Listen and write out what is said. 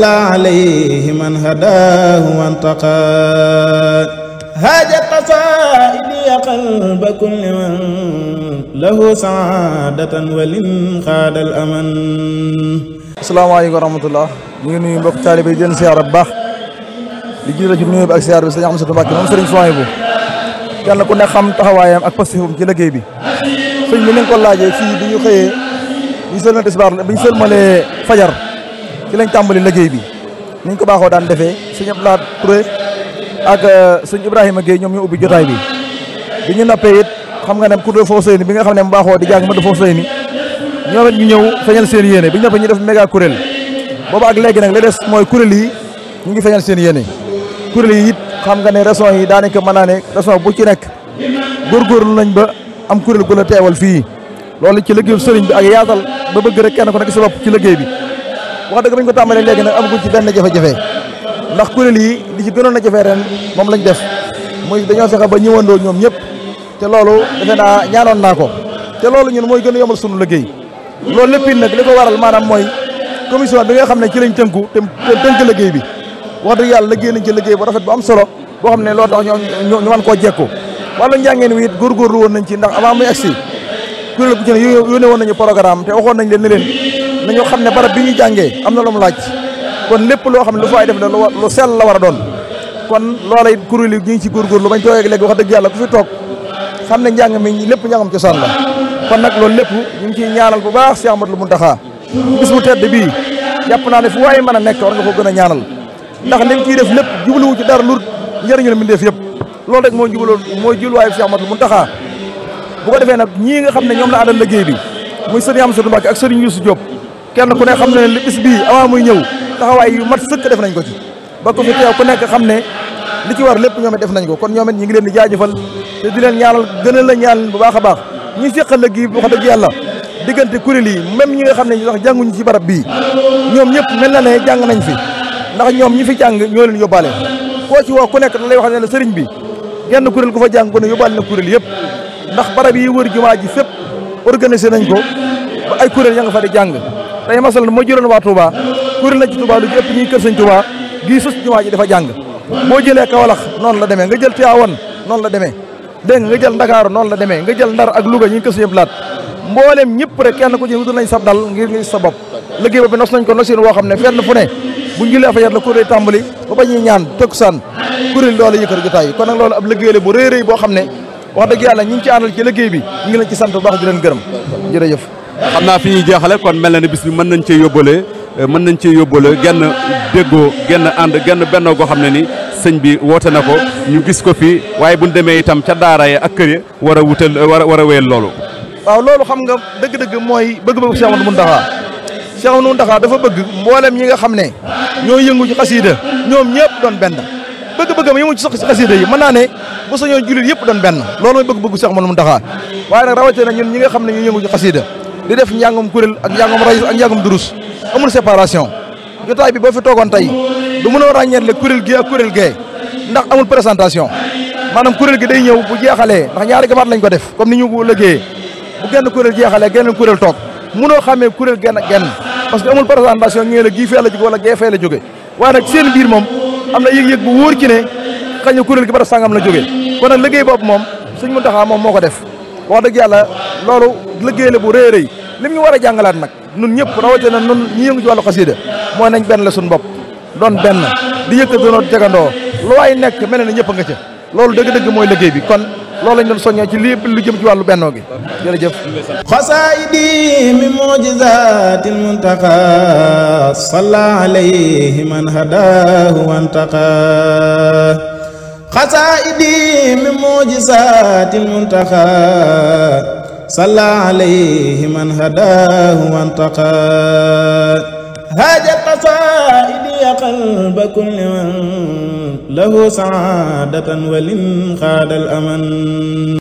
صلى عليه من هداه وانتقى هاجت قصائدي قلب كل من له سعادة ولنقاد الأمن asalaamaaleykum wa rahmatullah ñu ngi nuyu mbokk taalibe yi di leen siyaar bu baax di jiital ci nuyu bi ak siyaar bi sëñ Ahmadou Mbacke moom sëriñ Sohaï bu kenn ku ne xam taxawaayam ak pastifam ci liggéey bi sëñ bi ni nga ko laajee fii bi ñu xëyee bi ñu sëlmalee tisbaar bi ñu sëlmalee fajar ci lañ tàmbali liggéey bi niñ ko baaxoo daan defee sëñ Abdoulaye Touré ak euh, sëñ Ibrahima Gueye ñoom ñu ubbi jotaay bi bi ñu noppee it xam nga ne kuréel foo bi nga xam ne mu baaxoo di jàng ma da foo sëy ni ñoom it ñëw feñal seen yéene bi ñu noppee ñu def méga kuréel boobu ak léegi nag la des mooy kuréel yi ñu ngi feñal seen yéene kuréel yi it xam nga ne raison yi daanaka mën naa ne raison bu ci nekk góorgóorlu nañ ba am kuréel gu la teewal fii loolu ci liggéeyu sëriñ bi ak yaatal ba bëgg rek kenn ko bopp ci liggéey bi wax dëgg bañ ko tàmbalee léegi nag amaguñ ci benn jafe-jafe ndax kuréel yi li ci gënoon a jafee ren moom lañ def muy dañoo fexe ba ñëwandoo ñoom ñëpp te loolu defe naa ñaanoon naa ko te loolu ñun mooy gën a yomal sunu liggéey loolu lépp nag li ko waral maanaam mooy commission bi nga xam ne ci lañ tënku te tënk liggéey bi wax dëgg yàlla liggéey nañ ci liggéey bu rafet bu am solo boo xam ne loolu tax ñoom ñu man koo jekku wàllu njàngeen wi it góorgóorlu woon nañ ci ndax avant muy agsi kuréel bu ci woon nañu programme te waxoon nañ leen ne leen nañu xam ne barab bi ñu jàngee am na lu mu laaj kon lépp loo xam ne lu fay def la lu sell la war a doon kon loolay kuréel yi ñu ngi ci góorgóorlu bañ toogee léegi wax dëgg yàlla ku fi toog xam ne njàng mi lépp njàngam cosaan la kon nag loolu lépp ñu ngi ciy ñaanal bu baax Cheikh Ahmadou Mountakha bis bu tedd bii jàpp naa ne fu waaye man a nekk war nga ko gën a ñaanal ndax li mu ciy def lépp jubluwu ci dara lu njëriñu la mbindeef yëpp loolu rek moo jubaloon mooy jubluwaayu Cheikh Ahmadou Mountakha bu ko defee nag ñii nga xam ne ñoom la àndal liggéey bi muy sëriñ Amsatou ak sëriñ Youssou Diop kenn ku ne xam ne li bis bii avant muy ñëw taxawaay yu mat sëkk def nañ ko ci ba ko fi teew ku nekk xam ne li ci war lépp ñoom def nañ ko kon ñoom it ñu ngi leen di jaajëfal te di leen ñaanal gënal la ñaan bu baax a baax ñi seqal la gi wax dëgg yàlla diggante kuréel yi même ñi nga xam ne ñu sax jànguñu ci barab bii ñoom ñëpp mel na ne jàng nañ fi ndax ñoom ñi fi jàng ñoo leen yóbbaale koo ci woo ku nekk da lay wax ne la sëriñ bi genn kuréel gu fa jàng ko ne yóbbaale na kuréel yëpp ndax barab yi wër jumaa ji fépp organisé nañ ko ba kuréel ya nga fa di jàng tey masal moo jëloon waa Touba kuréel nañ ci Touba lu ëpp ñuy kër sëñ Touba gii sos jumaa ji dafa jàng boo jëlee Kawlax noonu la demee nga jël Tiwaawan noonu la demee dégg nga jël Ndakaaru noonu la demee nga jël Ndar ak Louga ñi ngi kër sëñ Abdou Lahat mbooleem rek kenn ku ci wutal nañ sab dal ngir ngi sa bopp liggéey bi nos nañ ko nosin woo xam ne fenn fu ne bu ñu jullee fajar la kuréel tàmbali ba ba ñuy ñaan tëkkusaan kuréel loolu yëkkër jotaay yi kon nag loolu ab liggéey boo xam ne wax dëgg yàlla ñi ngi ci àndal ci liggéey bi ñu ngi leen sant bu baax xam naa fi ñuy jeexale kon mel na ni bis bi mën nañ cee yóbbale euh, mën nañ cee yóbbale genn déggoo genn ànd genn bennoo goo xam ne ni sëñ bi woote na ko ñu gis ko fii waaye buñ demee itam ca daara yi ak kër ya war a wutal war a a wéyal loolu waaw loolu xam nga dëgg-dëgg mooy bëgg-bëgg Cheikh Amadou Mountakha Cheikh Amadou Mountakha dafa bëgg mboolem ñi nga xam ne ñoo yëngu ci xasiida ñoom ñëpp doon benn bëgg-bëggam yi mu ci sax xasiida yi ne bu sañoo yëpp doon benn loolu mooy bëgg-bëggu Cheikh mu Mountakha waaye nag rawatina ñun ñi nga xam ne ñoo yëngu ci xasiida di def njàngum kuréel ak njàngum rayis ak njàngum durus amul séparation jotaay bi boo fi toogoon tey du mën a ràññeetle kuréel gi ak kuréel gee ndax amul présentation maanaam kuréel gi day ñëw bu jeexalee ndax ñaari gabaat lañ ko def comme ni ñu ko lëggee bu genn kuréel jeexalee geneen kuréel toog mënoo xamee kuréel genn ak genn parce que amul présentation ñëwee la gii fee la jóge wala gee fee la jóge waaye nag seen biir moom am na yëg-yëg bu wóor ci ne xëy na kuréel gi ba jóge kon nag liggéey boobu moom Sëñ Muntaxa moom moo ko def wax dëgg yàlla loolu liggéey la bu rëy rëy lim ñu war a jàngalaat nag nun ñëpp rawatina nun ñi yëngu ci wàllu xasida mooy nañ benn la suñu bopp doon benn di yëkkatandoo tegandoo lu waay nekk mel na ñëpp nga loolu dëgg-dëgg mooy liggéey bi kon loolu lañ doon soññee ci lépp lu jëm ci wàllu bennoo gi jërëjëf xasaayidi mi mujizatil muntaqa salla alayhi man hadahu wantaqa xasaayidi معجزات المنتقى صلى عليه من هداه وانتقى هاج القصائد يا قلب كل من له سعادة ولن خاد الأمن